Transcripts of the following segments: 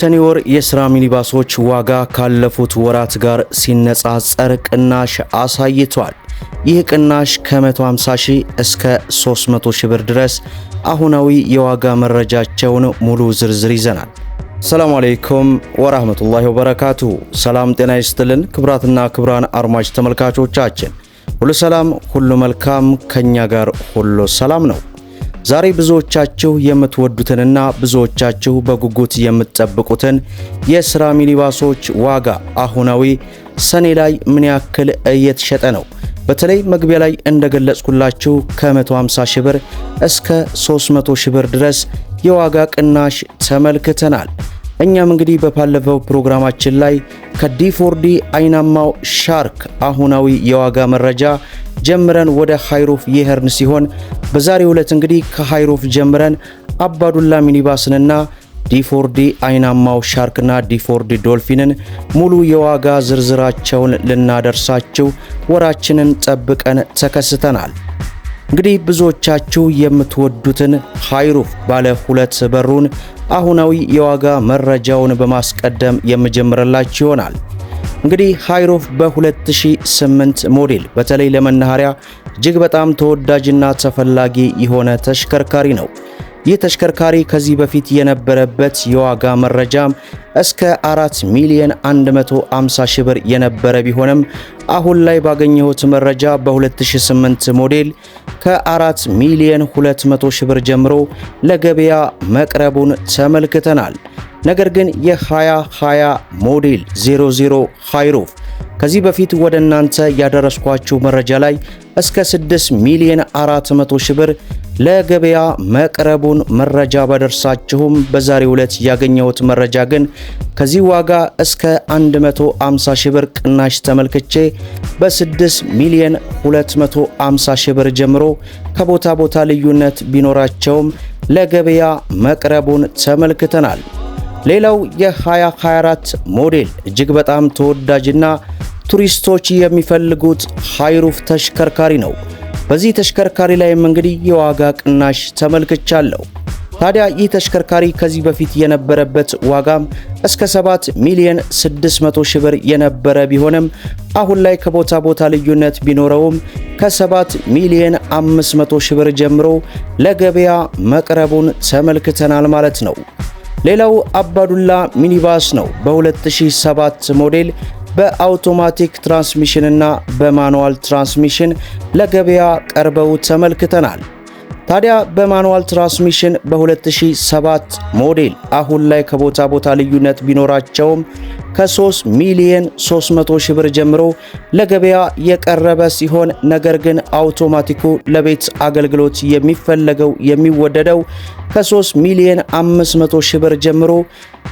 የሰኔ ወር የስራ ሚኒባሶች ዋጋ ካለፉት ወራት ጋር ሲነጻጸር ቅናሽ አሳይቷል። ይህ ቅናሽ ከ150 ሺህ እስከ 300 ሺህ ብር ድረስ አሁናዊ የዋጋ መረጃቸውን ሙሉ ዝርዝር ይዘናል። ሰላም አለይኩም ወራህመቱላሂ ወበረካቱ። ሰላም ጤና ይስጥልን ክብራትና ክብራን አድማጭ ተመልካቾቻችን ሁሉ ሰላም ሁሉ መልካም፣ ከኛ ጋር ሁሉ ሰላም ነው። ዛሬ ብዙዎቻችሁ የምትወዱትንና ብዙዎቻችሁ በጉጉት የምትጠብቁትን የስራ ሚኒባሶች ዋጋ አሁናዊ ሰኔ ላይ ምን ያክል እየተሸጠ ነው? በተለይ መግቢያ ላይ እንደገለጽኩላችሁ ከ150 ሺህ ብር እስከ 300 ሺህ ብር ድረስ የዋጋ ቅናሽ ተመልክተናል። እኛም እንግዲህ በባለፈው ፕሮግራማችን ላይ ከዲፎርዲ አይናማው ሻርክ አሁናዊ የዋጋ መረጃ ጀምረን ወደ ሃይሮፍ የሄርን ሲሆን በዛሬው ዕለት እንግዲህ ከሃይሮፍ ጀምረን አባዱላ ሚኒባስንና ዲፎርዲ አይናማው ሻርክና ዲፎርዲ ዶልፊንን ሙሉ የዋጋ ዝርዝራቸውን ልናደርሳችሁ ወራችንን ጠብቀን ተከስተናል። እንግዲህ ብዙዎቻችሁ የምትወዱትን ሃይሩፍ ባለ ሁለት በሩን አሁናዊ የዋጋ መረጃውን በማስቀደም የምጀምርላችሁ ይሆናል። እንግዲህ ሃይሮፍ በ2008 ሞዴል በተለይ ለመናኸሪያ እጅግ በጣም ተወዳጅና ተፈላጊ የሆነ ተሽከርካሪ ነው። ይህ ተሽከርካሪ ከዚህ በፊት የነበረበት የዋጋ መረጃም እስከ 4 ሚሊዮን 150 ሺህ ብር የነበረ ቢሆንም አሁን ላይ ባገኘሁት መረጃ በ2008 ሞዴል ከ4 ሚሊዮን 200 ሺህ ብር ጀምሮ ለገበያ መቅረቡን ተመልክተናል። ነገር ግን የ2020 ሞዴል 00 ሃይሩፍ ከዚህ በፊት ወደ እናንተ ያደረስኳችሁ መረጃ ላይ እስከ 6 ሚሊዮን 400 ሺህ ብር ለገበያ መቅረቡን መረጃ ባደርሳችሁም በዛሬው ዕለት ያገኘሁት መረጃ ግን ከዚህ ዋጋ እስከ 150 ሺህ ብር ቅናሽ ተመልክቼ በ6 ሚሊዮን 250 ሺህ ብር ጀምሮ ከቦታ ቦታ ልዩነት ቢኖራቸውም ለገበያ መቅረቡን ተመልክተናል። ሌላው የ2024 ሞዴል እጅግ በጣም ተወዳጅና ቱሪስቶች የሚፈልጉት ሃይሩፍ ተሽከርካሪ ነው። በዚህ ተሽከርካሪ ላይም እንግዲህ የዋጋ ቅናሽ ተመልክቻለሁ። ታዲያ ይህ ተሽከርካሪ ከዚህ በፊት የነበረበት ዋጋም እስከ 7 ሚሊዮን 600 ሺህ ብር የነበረ ቢሆንም አሁን ላይ ከቦታ ቦታ ልዩነት ቢኖረውም ከ7 ሚሊዮን 500 ሺህ ብር ጀምሮ ለገበያ መቅረቡን ተመልክተናል ማለት ነው። ሌላው አባዱላ ሚኒባስ ነው። በ2007 ሞዴል በአውቶማቲክ ትራንስሚሽንና በማኑዋል ትራንስሚሽን ለገበያ ቀርበው ተመልክተናል። ታዲያ በማኑዋል ትራንስሚሽን በ2007 ሞዴል አሁን ላይ ከቦታ ቦታ ልዩነት ቢኖራቸውም ከ3 ሚሊየን 300 ሺህ ብር ጀምሮ ለገበያ የቀረበ ሲሆን ነገር ግን አውቶማቲኩ ለቤት አገልግሎት የሚፈለገው የሚወደደው ከ3 ሚሊየን 500 ሺህ ብር ጀምሮ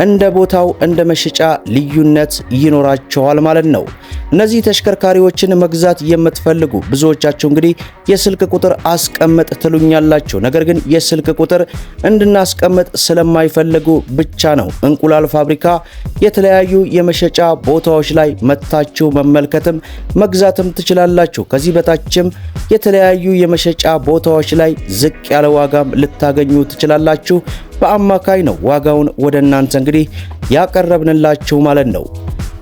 እንደ ቦታው እንደ መሸጫ ልዩነት ይኖራቸዋል ማለት ነው። እነዚህ ተሽከርካሪዎችን መግዛት የምትፈልጉ ብዙዎቻችሁ እንግዲህ የስልክ ቁጥር አስቀምጥ ትሉኛላችሁ። ነገር ግን የስልክ ቁጥር እንድናስቀምጥ ስለማይፈልጉ ብቻ ነው እንቁላል ፋብሪካ የተለያዩ የመሸጫ ቦታዎች ላይ መታችሁ መመልከትም መግዛትም ትችላላችሁ። ከዚህ በታችም የተለያዩ የመሸጫ ቦታዎች ላይ ዝቅ ያለ ዋጋም ልታገኙ ትችላላችሁ። በአማካይ ነው ዋጋውን ወደ እናንተ እንግዲህ ያቀረብንላችሁ ማለት ነው።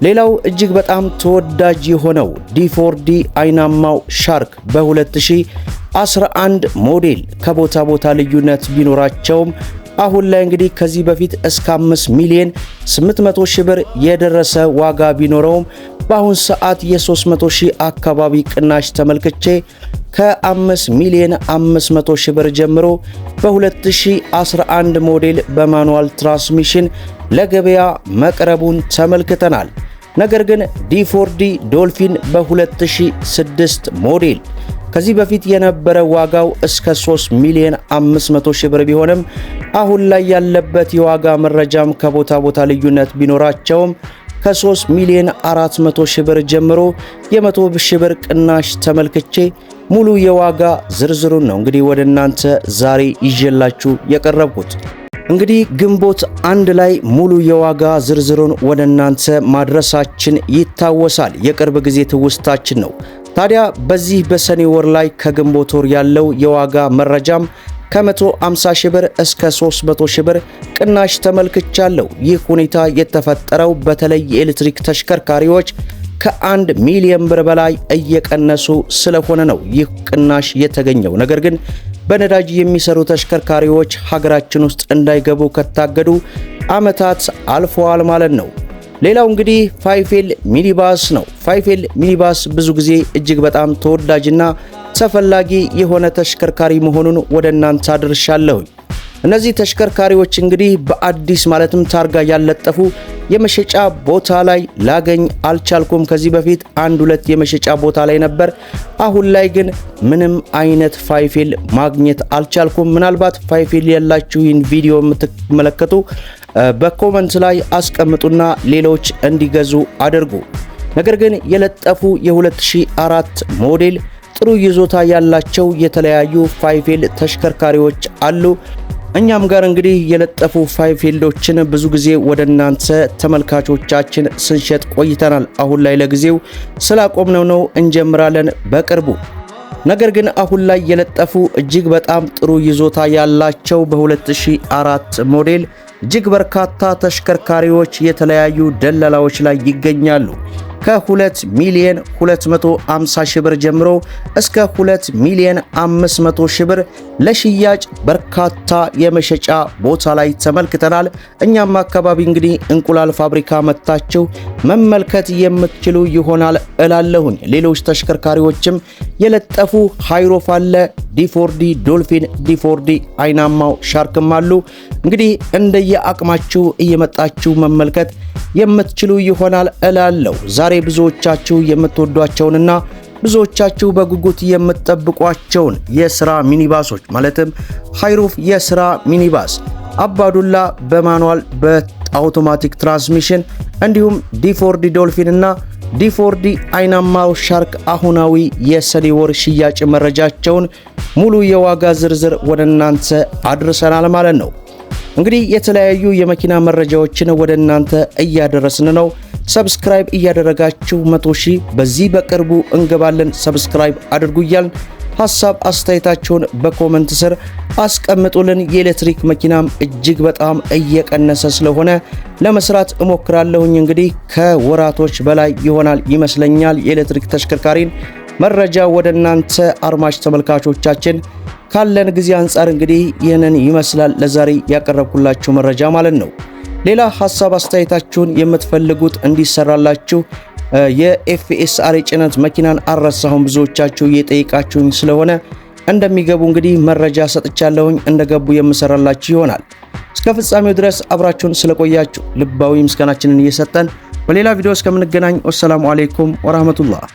ሌላው እጅግ በጣም ተወዳጅ የሆነው ዲ4ዲ አይናማው ሻርክ በ2011 ሞዴል ከቦታ ቦታ ልዩነት ቢኖራቸውም አሁን ላይ እንግዲህ ከዚህ በፊት እስከ 5 ሚሊዮን 800 ሺህ ብር የደረሰ ዋጋ ቢኖረውም በአሁን ሰዓት የ300 ሺህ አካባቢ ቅናሽ ተመልክቼ ከ5 ሚሊዮን 500 ሺህ ብር ጀምሮ በ2011 ሞዴል በማኑዋል ትራንስሚሽን ለገበያ መቅረቡን ተመልክተናል። ነገር ግን ዲ4ዲ ዶልፊን በ2006 ሞዴል ከዚህ በፊት የነበረ ዋጋው እስከ 3 ሚሊዮን 500 ሺህ ብር ቢሆንም አሁን ላይ ያለበት የዋጋ መረጃም ከቦታ ቦታ ልዩነት ቢኖራቸውም ከ3 ሚሊዮን 400 ሺህ ብር ጀምሮ የ100 ሺህ ብር ቅናሽ ተመልክቼ ሙሉ የዋጋ ዝርዝሩን ነው እንግዲህ ወደ እናንተ ዛሬ ይዤላችሁ የቀረብኩት። እንግዲህ ግንቦት አንድ ላይ ሙሉ የዋጋ ዝርዝሩን ወደ እናንተ ማድረሳችን ይታወሳል። የቅርብ ጊዜ ትውስታችን ነው። ታዲያ በዚህ በሰኔ ወር ላይ ከግንቦት ወር ያለው የዋጋ መረጃም ከ150 ሺህ ብር እስከ 300 ሺህ ብር ቅናሽ ተመልክቻለሁ። ይህ ሁኔታ የተፈጠረው በተለይ የኤሌክትሪክ ተሽከርካሪዎች ከአንድ ሚሊዮን ብር በላይ እየቀነሱ ስለሆነ ነው ይህ ቅናሽ የተገኘው። ነገር ግን በነዳጅ የሚሰሩ ተሽከርካሪዎች ሀገራችን ውስጥ እንዳይገቡ ከታገዱ ዓመታት አልፈዋል ማለት ነው። ሌላው እንግዲህ ፋይፌል ሚኒባስ ነው። ፋይፌል ሚኒባስ ብዙ ጊዜ እጅግ በጣም ተወዳጅና ተፈላጊ የሆነ ተሽከርካሪ መሆኑን ወደ እናንተ አድርሻለሁኝ። እነዚህ ተሽከርካሪዎች እንግዲህ በአዲስ ማለትም ታርጋ ያለጠፉ የመሸጫ ቦታ ላይ ላገኝ አልቻልኩም። ከዚህ በፊት አንድ ሁለት የመሸጫ ቦታ ላይ ነበር። አሁን ላይ ግን ምንም አይነት ፋይፊል ማግኘት አልቻልኩም። ምናልባት ፋይፊል ያላችሁ ይህን ቪዲዮ የምትመለከቱ በኮመንት ላይ አስቀምጡና ሌሎች እንዲገዙ አድርጉ። ነገር ግን የለጠፉ የ2004 ሞዴል ጥሩ ይዞታ ያላቸው የተለያዩ ፋይፊል ተሽከርካሪዎች አሉ። እኛም ጋር እንግዲህ የለጠፉ ፋይቭ ፊልዶችን ብዙ ጊዜ ወደ እናንተ ተመልካቾቻችን ስንሸጥ ቆይተናል። አሁን ላይ ለጊዜው ስላቆምነው ነው እንጀምራለን በቅርቡ ነገር ግን አሁን ላይ የለጠፉ እጅግ በጣም ጥሩ ይዞታ ያላቸው በ2004 ሞዴል እጅግ በርካታ ተሽከርካሪዎች የተለያዩ ደለላዎች ላይ ይገኛሉ። ከ2 ሚሊዮን 250 ሺህ ብር ጀምሮ እስከ 2 ሚሊዮን 500 ሺህ ብር ለሽያጭ በርካታ የመሸጫ ቦታ ላይ ተመልክተናል። እኛም አካባቢ እንግዲህ እንቁላል ፋብሪካ መታችሁ መመልከት የምትችሉ ይሆናል እላለሁኝ። ሌሎች ተሽከርካሪዎችም የለጠፉ ሃይሮፍ አለ፣ ዲፎርዲ ዶልፊን፣ ዲፎርዲ አይናማው ሻርክም አሉ። እንግዲህ እንደየአቅማችሁ እየመጣችሁ መመልከት የምትችሉ ይሆናል እላለሁ። ዛሬ ብዙዎቻችሁ የምትወዷቸውንና ብዙዎቻችሁ በጉጉት የምትጠብቋቸውን የስራ ሚኒባሶች ማለትም ሃይሩፍ የስራ ሚኒባስ፣ አባዱላ በማኑዋል በአውቶማቲክ ትራንስሚሽን እንዲሁም ዲፎርዲ ዶልፊን እና ዲፎርዲ አይናማው ሻርክ አሁናዊ የሰኔ ወር ሽያጭ መረጃቸውን ሙሉ የዋጋ ዝርዝር ወደ እናንተ አድርሰናል ማለት ነው። እንግዲህ የተለያዩ የመኪና መረጃዎችን ወደ እናንተ እያደረስን ነው። ሰብስክራይብ እያደረጋችሁ መቶ ሺህ በዚህ በቅርቡ እንገባለን። ሰብስክራይብ አድርጉ እያልን ሀሳብ አስተያየታችሁን በኮመንት ስር አስቀምጡልን። የኤሌክትሪክ መኪናም እጅግ በጣም እየቀነሰ ስለሆነ ለመስራት እሞክራለሁኝ። እንግዲህ ከወራቶች በላይ ይሆናል ይመስለኛል የኤሌክትሪክ ተሽከርካሪን መረጃ ወደ እናንተ አድማጭ ተመልካቾቻችን ካለን ጊዜ አንጻር እንግዲህ ይህንን ይመስላል ለዛሬ ያቀረብኩላችሁ መረጃ ማለት ነው። ሌላ ሀሳብ አስተያየታችሁን የምትፈልጉት እንዲሰራላችሁ የኤፍኤስአር የጭነት መኪናን አረሳሁን ብዙዎቻችሁ እየጠየቃችሁኝ ስለሆነ እንደሚገቡ እንግዲህ መረጃ ሰጥቻለሁኝ እንደገቡ የምሰራላችሁ ይሆናል። እስከ ፍጻሜው ድረስ አብራችሁን ስለቆያችሁ ልባዊ ምስጋናችንን እየሰጠን በሌላ ቪዲዮ እስከምንገናኝ ወሰላሙ አሌይኩም ወራህመቱላህ።